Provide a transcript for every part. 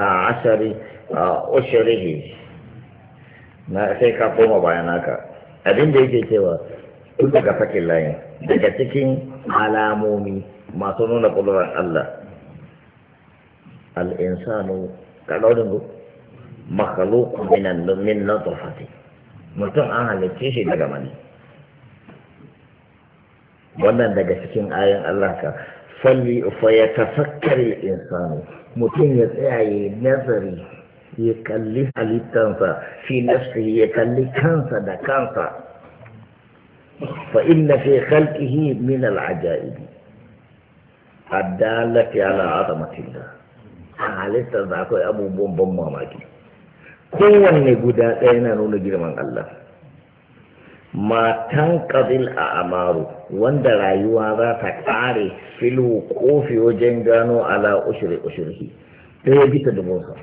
asari a ushirihi na sai ka koma bayan haka abin da yake cewa tun daga fakin layin daga cikin alamomi masu nuna kuluran Allah al'insanu ka ku makhalukun minan domin na tsofati mutum an halicce shi daga mani wannan daga cikin ayan Allah ka فيتفكر الإنسان متين يتعي نظري يكلف للتنسى في نفسه يكلف كنسى دا كنسى فإن في خلقه من العجائب الدالة على عظمة الله halittar da أبو بوم بوم mamaki kowanne guda ɗaya na nuna girman matan ƙazil a amaru wanda rayuwa za ta ƙare filu kofi wajen gano ala ushiri ushirhi ɗaya bisa dubunsa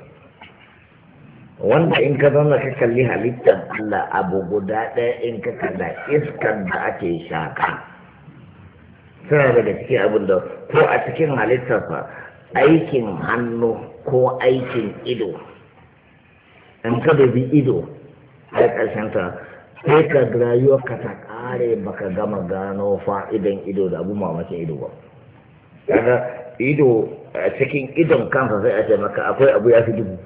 wanda in ka zama ka kalli halittar Allah abu guda ɗaya in ka kalla iskar da ake shaka suna daga cikin abin da ko a cikin halittarsa aikin hannu ko aikin ido in ka dubi ido a ƙarshen ta sai ka rayuwar ka ta kare baka gama gano fa'idan ido da abu mamakin ido ba kaga ido a cikin idon kansa sai a ce maka akwai abu ya fi dubu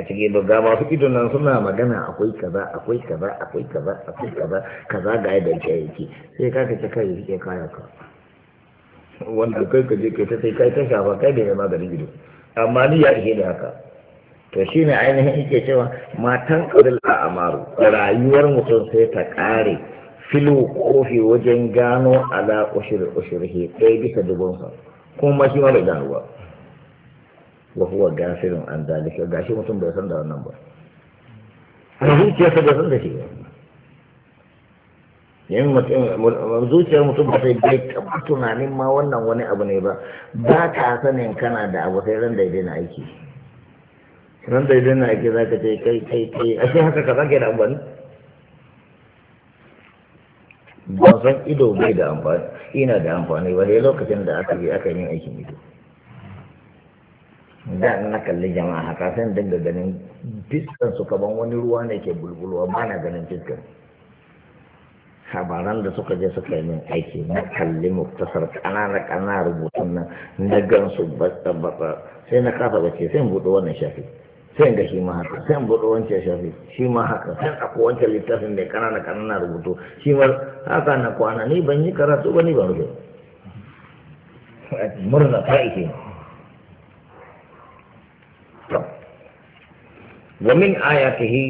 a cikin ido ga masu idon nan suna magana akwai kaza akwai kaza akwai kaza akwai kaza kaza ga yadda ke yake sai ka kace kai rike kaya ka wanda kai ka je ka ta sai kai ta shafa kai da maganin ido amma ni ya ishe da haka to shine ainihin yake cewa matan qadil amaru rayuwar mutum sai ta ƙare filo kofi wajen gano ala ushir ushirhi ɗaya bisa sa kuma shi ma ganuwa ba wa huwa gafirin an zalika gashi mutum bai san da wannan ba a zuciyarsa san da shi ba yin zuciyar mutum ba sai bai taɓa tunanin ma wannan wani abu ne ba ba ta sanin kana da abu sai ran daidai na aiki ran da idan na ake za ka ce kai kai kai a shi haka ka zage da amfani Ba san ido bai da amfani ina da amfani ba dai lokacin da aka yi aka yi aikin ido da na kalli jama'a haka sai dinga ganin fiskan su kaban wani ruwa ne ke bulbulwa ba na ganin fiskan habaran da suka je suka yi min aiki na kalli muktasar kanana kanana rubutun nan na gansu batsa batsa sai na kafa bace sai buɗe wannan shafi sai ga shi ma haka sai buɗe wancan shafi shi ma haka sai ɗauko wancan littafin mai kanana kanana rubutu shi ma haka na kwana ni ban yi karatu ba ni ba rubutu murna ta ike wa min ayatihi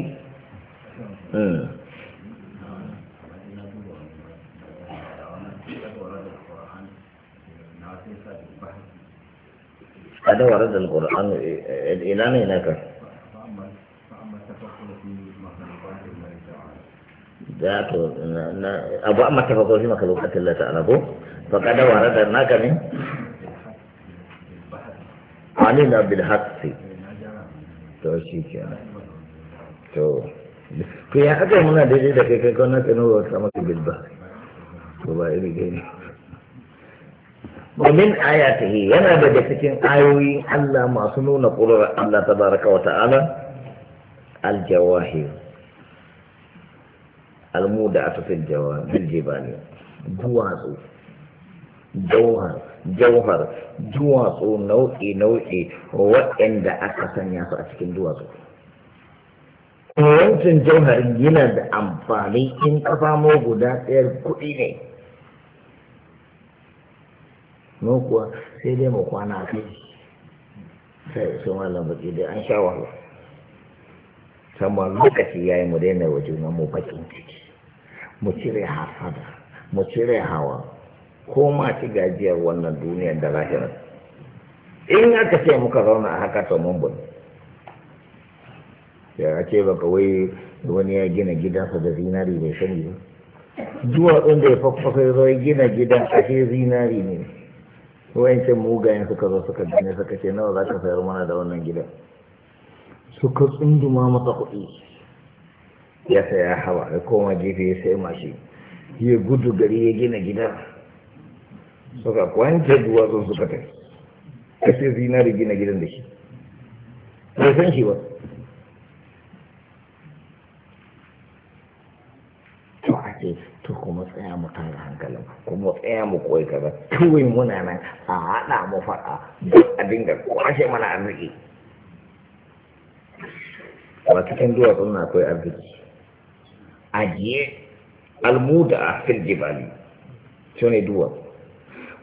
kada hmm. warar da alƙur'an eh, eh, ina ne da to abu amma ta maka lokacin ko fa wara da naka ne na bil haqqi to shi kenan to ya aka muna daidai da kai kai bil ba to ba iri dai ne ومن آياته ينا allah آيوي nuna ما سنون قرر الله تبارك وتعالى الجواهر almuda a tafi biljibani duwatsu jauhar jauhar duwatsu nau'i nau'i waɗanda aka sanya su a cikin duwatsu wancan jauhar yana da amfani in kafa mu guda ɗayar kuɗi ne mu kuwa sai dai mu kwana kai sai sai malam baki dai an sha wahala sama lokaci yayi mu daina wajen mu bakin mu cire hasada mu cire hawa ko ma ci gajiyar wannan duniyar da lahirar in aka ce muka zauna a haka to mun bun ya ake baka wai wani ya gina gidansa da zinari bai sani ba ɗin da ya faffasa zo ya gina gidan shi zinari ne wayancin mugayen suka zo suka gina suka ce nawa za ka sayar mana da wannan gidan suka tsunduma masa kuɗi ya saya hawa ya koma gefe ya sai mashi ya gudu gari ya gina gida suka duwa duwatsun suka tafi ya sai zinari gina gidan da shi bai san shi ba to ake to kuma tsaya mu tara hankalin kuma tsaya mu koyi kaza kawai muna nan a haɗa mu faɗa a dinga kwashe mana arziki wata kan duwatsun na akwai arziki ajiye almuda fil jibali shine duwa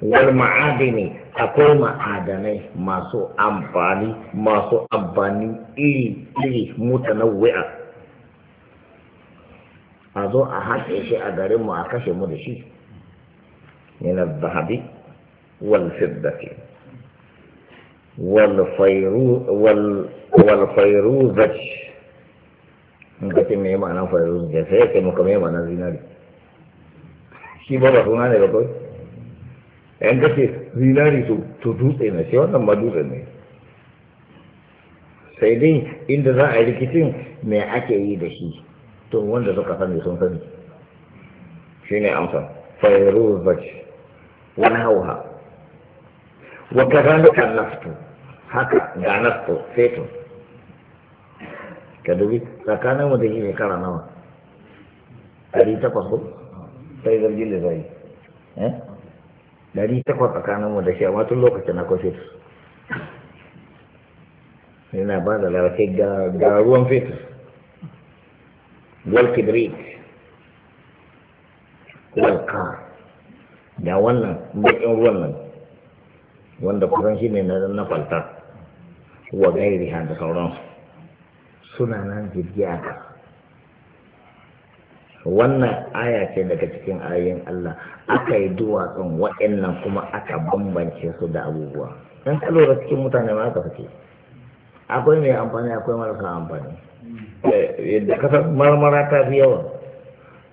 wal ma'adini akwai ma'adanai masu amfani masu amfani iri iri mutanawwi'a a zo a haɗe shi a garin mu a kashe mu da shi min al-zahabi wal fiddati wal fayru wal wal fayruzati in ka ce mai ma'anan zuwa ya sai ya kai maka mai ma'anan zinari shi ba ba suna ne ba kawai yan ka ce zinari to dutse na shi wannan ma dutse ne sai dai inda za a yi rikicin me ake yi da shi to wanda suka sani sun sani shi ne amsa fairuz bace wani hauha wa kazalika nafto haka ga nafto fetus ka dubi tsakanin mu da shi kara nawa ɗari takwas ko sai zargi da zai eh? ɗari takwas tsakanin mu da shi amma tun lokacin na ne. yana ba da larfe ga ruwan fetur wal kibrit walka da wannan bakin ruwan nan wanda kusan shi ne na falta wa gairi da sauransu suna nan jirgiya wannan aya ce daga cikin ayoyin Allah aka yi duwatsun waɗannan kuma aka bambance su da abubuwa in ka lura cikin mutane ma aka fice akwai mai amfani akwai marasa amfani eh, yadda kasar marmara ta fi yawa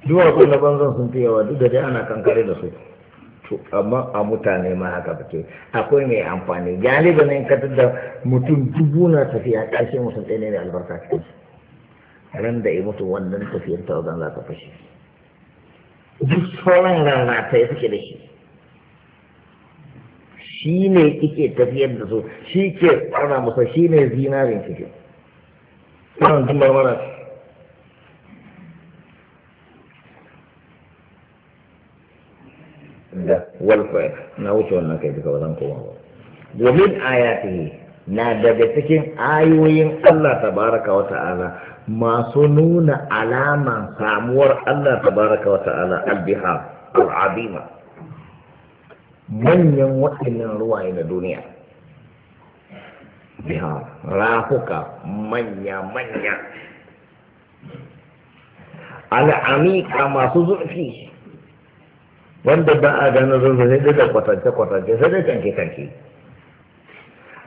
duwatsun na banzan sun fi yawa duk da dai ana kankare da su to amma a mutane ma haka fake akwai mai amfani galibin in ka da mutum dubu na tafiya ƙarshe mutum ɗaya ne mai albarka cikin ran da ya mutu wannan tafiyar ta wajen za ta fashe duk sauran rana ta yi suke da shi shi ne kike tafiyar da su shi ke tsara musa shi ne zinarin cikin sauran jimar mara da welfare na wuce wannan kai duka wajen koma ba domin ayatihi na daga cikin ayoyin Allah tabaraka wa ta'ala masu nuna alaman samuwar Allah tabaraka wa ta'ala albiha al'azima manyan waɗannan ruwaye na duniya biha rafuka manya-manya al'amika masu zurfi wanda ba a ganin zunzu ne da kwatance-kwatance sai dai kanke-kanke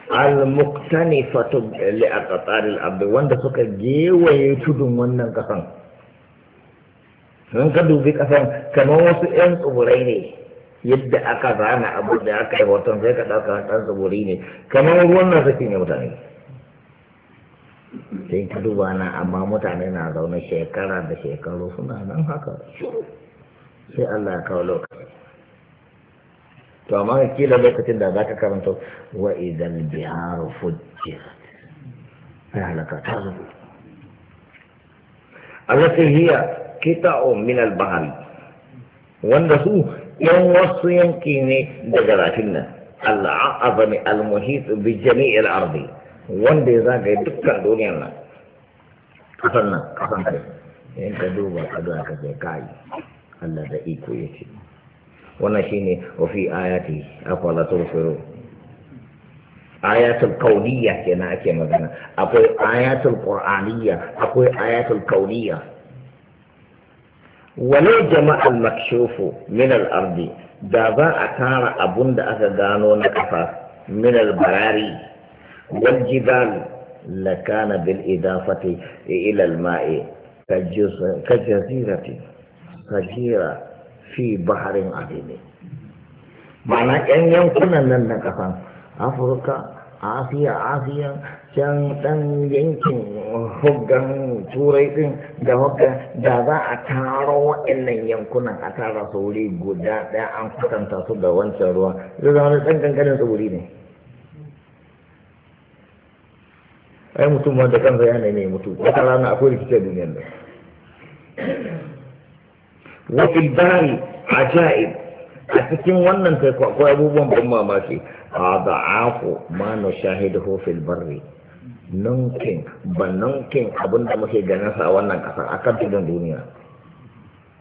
al-muktani fatu li a tsarin abu wanda suka gewaye tudun wannan kasan sun ka dubi kasan kamar wasu 'yan tsibirai ne yadda aka zana abu da aka yi hoton sai ka ɗauka ɗan tsibiri ne kamar ruwan na sakin ya mutane sai ka duba na amma mutane na zaune shekara da shekaru suna nan haka sai Allah ya kawo lokaci to amma kila lokacin da za ka karanta wa idan biharu fujjirat sai halaka ta zo allati hiya kita'un min al-bahr wanda su yan wasu yanki ne daga rafin nan Allah al-azami al-muhit bi jami'i al-ardi wanda ya zagaye dukkan duniyar nan kasan nan kasan kai in ka duba ka ga ka je kai Allah da iko yake wannan shine wa fi ayati afala turfiru ayatul kauniyya kenan ake magana akwai ayatul qur'aniyya akwai ayatul kauniyya walau jama'al makshufu min al-ardi da za a tara abun da aka gano na kafa min al-barari wal jibal lakana bil idafati ila al-ma'i kajazirati kajira fi baharin adini mana yan yankunan nan na kasan afirka asiya asiya can dan yankin hoggan turai din da hoggan da za a taro waɗannan yankunan a tara su wuri guda ɗaya an kusanta su da wancan ruwa zai zama da ɗan kankanin wuri ne ai mutum wanda kansa ya ne mutu wata rana akwai rikicin duniyar da wa fil bahri a cikin wannan teku akwai abubuwan ban mamaki a da'afu ma na shahidahu fil barri nunkin ba nunkin abinda muke ganin a wannan kasar kan tudun duniya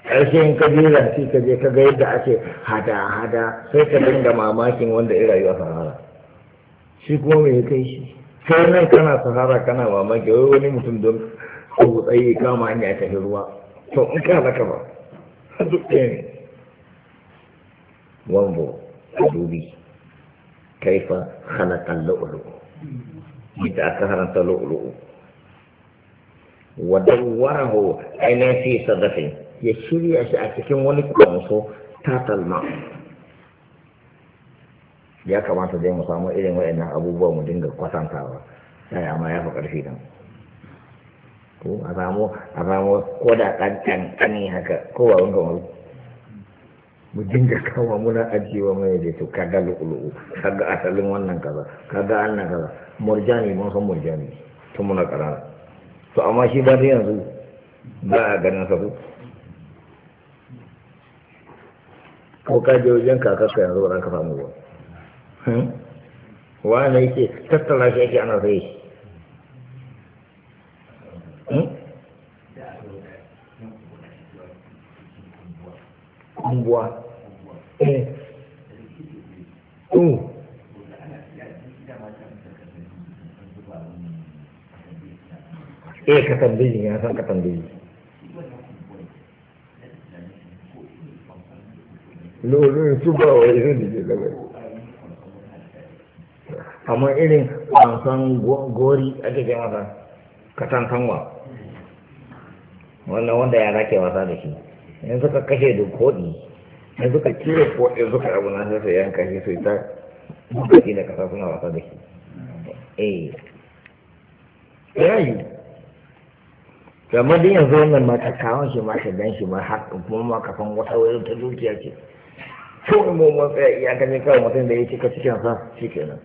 ƙarshe in ka je ranci ka je ka ga yadda ake hada-hada sai ka dinga mamakin wanda ya yi a sahara shi kuma me kai shi sai nan kana sahara kana mamaki wai wani mutum don tsaye kama hanya ya tafi ruwa to in ka ba duk ɗaya ne eh. wanzo a dubi kaifa halakan lu'ulu'u ita aka haranta lu'ulu'u wadawwarahu ainihin fi sadafin ya shirya shi a cikin wani kwanso tatalma ya kamata dai mu samu irin wa'annan abubuwa mu dinga kwatantawa sai amma ya fi ƙarfi nan to a samu a samu ko da ɗan ƙanƙani haka ko ba wanga wani mu dinga kama muna ajiyewa mai da to kaga lukulu kaga asalin wannan kaza kaga annan kaza murjani mun san murjani tun muna karara to amma shi ba da yanzu ba a ganin sa ko ka je wajen kakarka yanzu ba za ka samu ba hmm? wani yake tattala shi ake ana sai anguwa eh oh. eh ka tambayi ya san ka tambayi lorin su ba wa irin da ke gaba amma irin wasan gori a cikin wasa kanwa wannan wanda ya rake wasa da shi yanzu ka kashe da kodi sai suka kira ko ya suka abu na sai yanka shi sai ta baki da kasa suna wasa da shi eh yayi kamar da yanzu wannan ma ta kawon shi ma ta dan shi ma har kuma ma kafan wata wurin ta dukiya ce ko mu mun tsaya iyakar ne kawai mutum da ya cikin sa shi kenan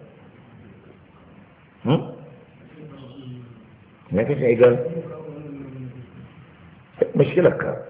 hmm? me kace ga mashkilar ka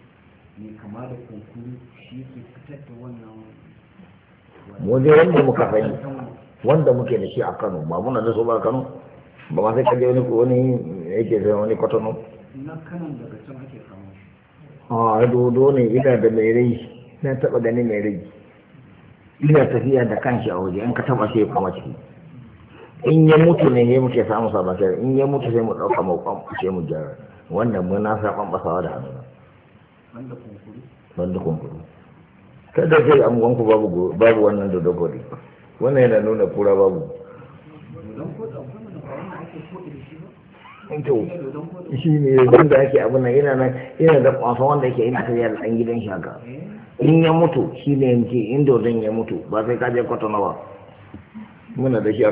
ne kama da kunkuru shi ke fitar da wannan mu je wanda muka sani wanda muke da shi a Kano ba muna da su ba Kano ba ma sai kaje wani wani yake da wani kwatano na Kano daga can ake kama a dodo ne ina da mai rai na taba ganin mai rai ina tafiya da kanshi a waje an ka taba sai kuma ciki in ya mutu ne ne muke samu sabatar in ya mutu sai mu dauka mu kwam sai mu jara wannan mun na saban basawa da hannu Wanda kunkuru kada sai an wanku babu babu wannan dodon gori wannan yana nuna kura babu to shi ne yanzu da ake abin nan yana nan yana da kwasa wanda yake ina kai yana dan gidan shaka eh. in ya mutu shi ne yanke in dodon ya mutu ba sai ka je kwata nawa muna da shi a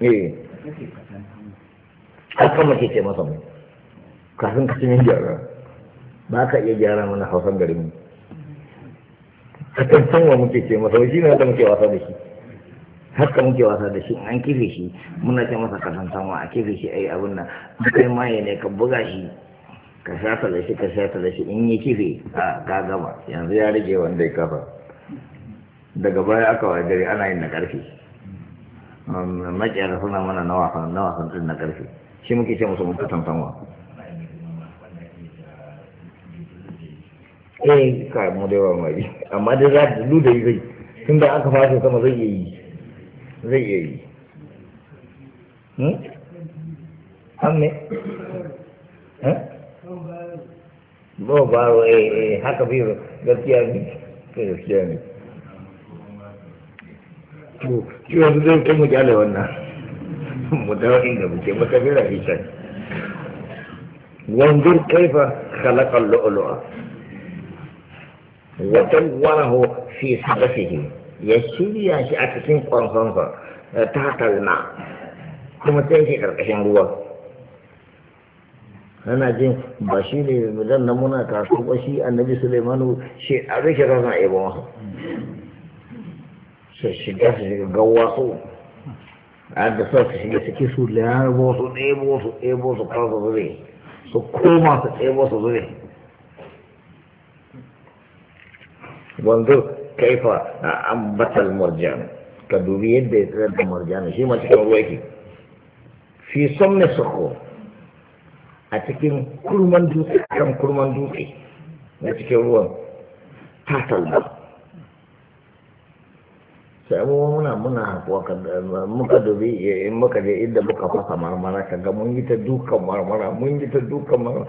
Ni kano eh haka mace ce masa mu kafin ka cimin gyara ba ka iya gyara mana hausan garin a san wa muke ce masa wajen ne muke wasa da shi haka muke wasa da shi an kife shi muna ce masa kasan san a kife shi a yi abin nan kai maye ne ka buga shi ka shata da shi ka shata da shi in yi kife a ka gama yanzu ya rage wanda ya kafa daga baya aka wa gari ana yin na karfe makiyar suna mana na wasan din na karfe shi muke ce musu mutu tantanwa eh ka mu da yawa mai amma da za da lu da yi zai tun da aka fashe sama zai yi zai yi hmm amma eh hmm? ba ba eh, eh haka da gaskiya ne gaskiya ne to kiwon zai kuma jale wannan mu wani da muke mutafira hishan wanzur kaifa khalaqa al-lu'lu'a wajenwarahu fi sabasihi ya shirya shi a cikin kwanfansa eh, ta talma kuma sai shi karkashin ruwa ana jin ba shi ne zan na muna kasu ba shi annabi sulaimanu shi a rike rana a yabon wasu su shiga su shiga ga wasu a da sa su shiga su kisu da ya rabo su ɗaya bo su ɗaya bo su kasu zuri su koma su ɗaya bo su zuri Wanzu kaifa a ambatar murjan ka dubi yadda ya tsayar da murjan shi ma cikin ruwa yake fi somne soko a cikin kurman dutse kan kurman dutse na cikin ruwan tatal ba sai abubuwa muna muna hakuwa muka dubi in eh, muka je inda muka fasa marmara ka ga mun yi ta dukan marmara mun yi ta dukan marmara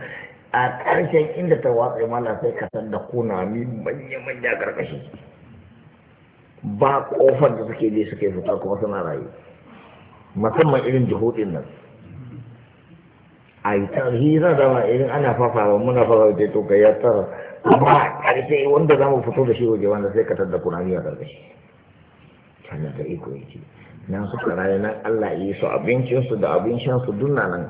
a ƙarshen inda ta watsa mana sai ka san da kunami manya-manya ƙarƙashi ba ƙofar da suke je suke fita kuma suna rayu musamman irin jihudin nan a yi tarihira da zama irin ana fafawa muna fafawa da to ya tara a ƙarshe wanda za mu fito da shi waje wanda sai ka tar da kunami a ƙarƙashi sannan da iko yake nan suka rayu nan Allah ya yi su abincinsu da abincinsu dunna nan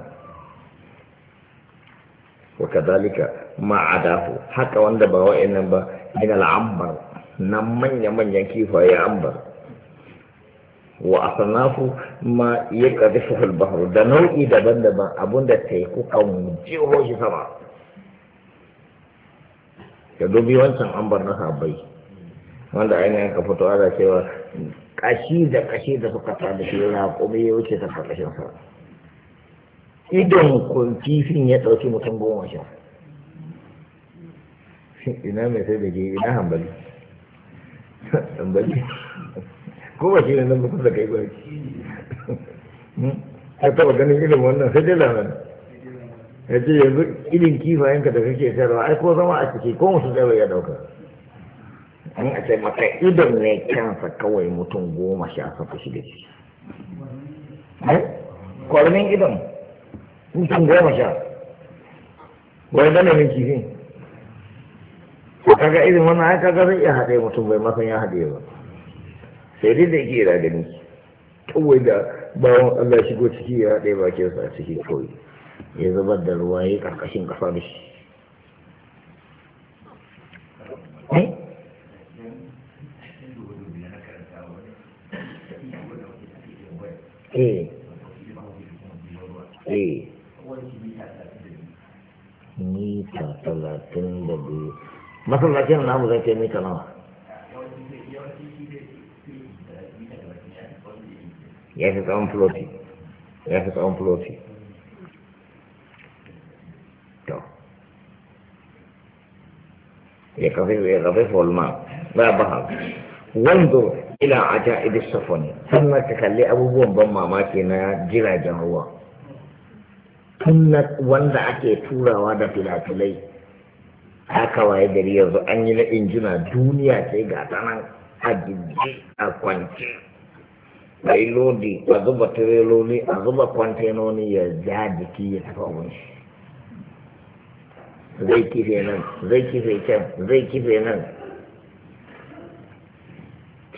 wakadalika ma'adahu haka wanda ba wa'annan ba min al'ambar nan manya-manyan kifaye ambar wa asanafu ma ya ƙarfi shafin da nau'i daban-daban abinda ku kan jiho shi sama ya dubi wancan ambar na habai wanda ainihin ka fito ala cewa kashi da kashi da suka tada shi ya kuma ya wuce ta idon kifin ya ɗauki mutum goma sha ina mai sai da ke ina hambali hambali ko ba shi ne nan mutum da kai ba har hmm? taba ganin irin wannan sai dai lamarin ya ce yanzu irin kifayenka da kake sayarwa ai ko zama a ciki ko musu zai ya ɗauka an a ce maka idon ne kansa kawai mutum goma sha suka shi da shi kwarmin eh? idon mutum goma sha wai da mai kifi kaga irin wannan ya kaga zai iya haɗe mutum bai masan ya haɗe ba sai dai da yake da gani kawai da bawan Allah shigo ciki ya haɗe bakinsa a ciki kawai ya zubar da ruwa ya karkashin ƙasa da shi Eh. Eh. eh. mita talatin da biyu masallacin namu zai kai mita nawa ya fi tsawon floti ya fi tsawon floti to ya kafe ya kafe folma ba ba ha wanzo ila aja idis safani sannan ka kalli abubuwan ban mamaki na jiragen ruwa tunna wanda ake turawa da filafilai haka waye gari yanzu an yi na injina duniya ce ga ta nan a jirgi a kwance. bai lodi a zuba tireloli a zuba kwantenoni ya ja jiki ya tafi abin shi zai kife nan zai kife can zai kife nan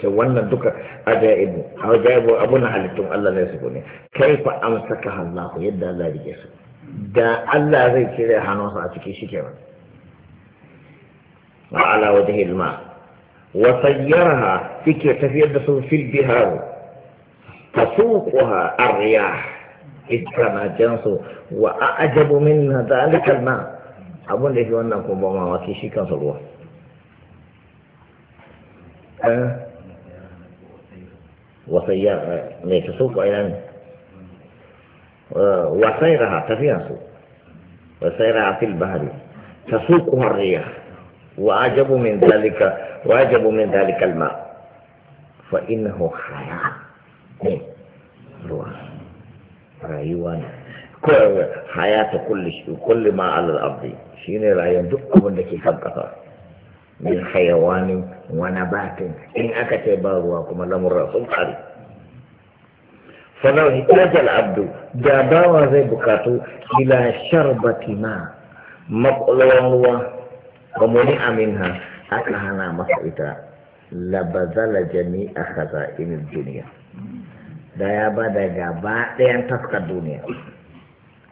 ce wannan duka ajaib ajaib abun halittun Allah ne su ne kaifa amsaka Allah yadda Allah rike su da Allah zai cire hannunsa a ciki shi kenan wa ala wajhi alma wa sayyaraha take tafiyar da su fil bihar tasuquha ar-riyah idkana jansu wa a'jabu min dhalika al-ma abun da shi wannan kuma ma wasi shi kansa ruwa eh وسيارة يعني تسوق إلى آه، وسيرها تفيها سوق وسيرها في البحر تسوقها الرياح وأعجب من ذلك وأعجب من ذلك الماء فإنه حياة إيه؟ رأيوان حياة كل شيء كل ما على الأرض شيني رأيوان دقة من لكي خلقها min wana wani batin in aka ce ba ruwa kuma lamurra sun faru falau hitajal abdu da bawa zai bukatu ila sharbati ma makwalwan ruwa ba muni aminha aka hana masa ita labazala jami'a khaza'inin duniya da ya ba da gaba ɗayan taskar duniya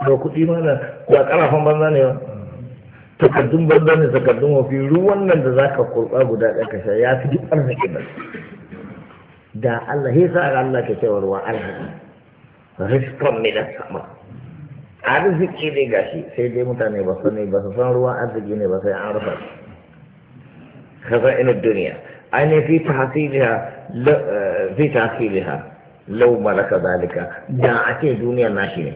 to kuɗi mana ba ƙarafin banza ne ba takardun banza ne takardun wafi ruwan nan da zaka kurba guda ɗaya ka sha ya fi duk arziki ba da Allah ya sa Allah ke cewa ruwa arziki rizqan min da sama arziki ne gashi sai dai mutane ba sani ba su san ruwan arziki ne ba sai an rufa خزائن الدنيا أين في تحصيلها lau في تحصيلها da ake duniya دعت ne, sun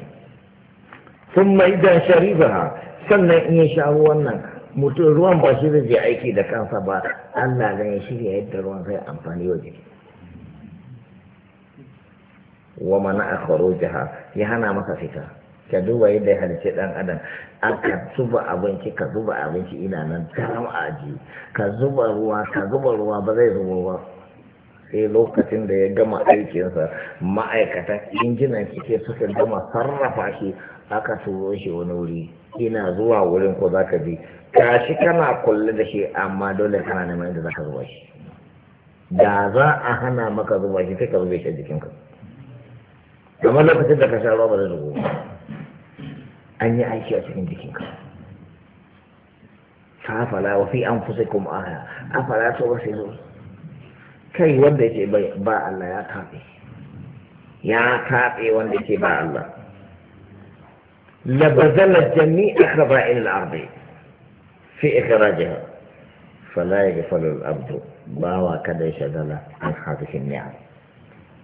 ثم إذا شربها sannan in ya sha ruwan nan mutum ruwan ba shi zai aiki da kansa ba Allah zai ya shirya yadda ruwan zai amfani wa jiki wa mana a jiha ya hana maka fita ka duba yadda ya halice dan adam aka zuba abinci ka zuba abinci ina nan daram a aji ka zuba ruwa ka zuba ruwa ba zai zuba ruwa sai lokacin da ya gama aikinsa ma'aikatan injinan kike suka gama sarrafa shi aka turo shi wani wuri ina zuwa wurin ko zaka bi kashi kana kulle da shi amma dole kana neman inda zaka zuwa shi da za a hana maka zuwa shi sai ka zuwa shi a jikinka kamar lokacin da ka sha ruwa ba da zuwa an yi aiki a cikin jikinka fafala wa fi an fusa kuma aya afala to ba sai zo kai wanda yake ba Allah ya taɓe ya taɓe wanda yake ba Allah لبذلت جميع خبائل الأرض في إخراجها فلا يغفل الأرض باوا كذا يشغل عن هذه النعم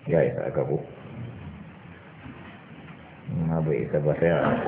جاي أكبو ما بإثبتها